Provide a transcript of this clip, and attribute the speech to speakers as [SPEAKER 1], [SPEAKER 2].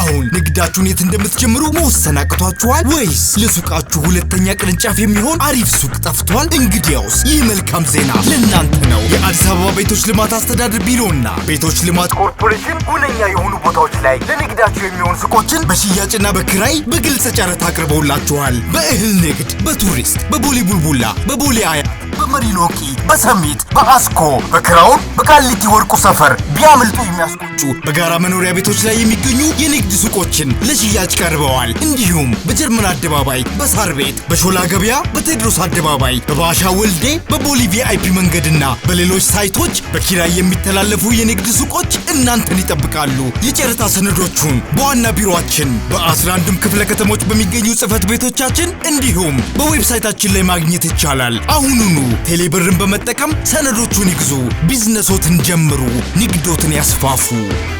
[SPEAKER 1] አሁን ንግዳችሁን የት እንደምትጀምሩ መወሰን አቅቷችኋል ወይስ ለሱቃችሁ ሁለተኛ ቅርንጫፍ የሚሆን አሪፍ ሱቅ ጠፍቷል? እንግዲያውስ ይህ መልካም ዜና ለእናንተ ነው። የአዲስ አበባ ቤቶች ልማት አስተዳደር ቢሮና ቤቶች ልማት
[SPEAKER 2] ኮርፖሬሽን ሁነኛ የሆኑ ቦታዎች ላይ ለንግዳችሁ የሚሆኑ ሱቆችን በሽያጭና በክራይ በግልጽ ጨረታ አቅርበውላችኋል። በእህል ንግድ፣ በቱሪስት፣ በቦሌ ቡልቡላ፣ በቦሌ አያ በመሪሎኪ፣ በሰሚት፣ በአስኮ፣ በክራውን፣ በቃሊቲ ወርቁ ሰፈር ቢያመልጡ የሚያስቆጩ በጋራ መኖሪያ ቤቶች ላይ የሚገኙ የንግድ ሱቆችን ለሽያጭ ቀርበዋል። እንዲሁም በጀርመን አደባባይ፣ በሳር ቤት፣ በሾላ ገበያ፣ በቴድሮስ አደባባይ፣ በባሻ ወልዴ፣ በቦሊቪያ አይፒ መንገድና በሌሎች ሳይቶች በኪራይ የሚተላለፉ የንግድ ሱቆች እናንተን ይጠብቃሉ። የጨረታ ሰነዶቹን በዋና ቢሮአችን በ 11 ክፍለ ከተሞች በሚገኙ ጽህፈት ቤቶቻችን እንዲሁም በዌብሳይታችን ላይ ማግኘት ይቻላል። አሁኑኑ ቴሌብርን በመጠቀም ሰነዶቹን ይግዙ። ቢዝነሶትን ጀምሩ። ንግዶትን ያስፋፉ።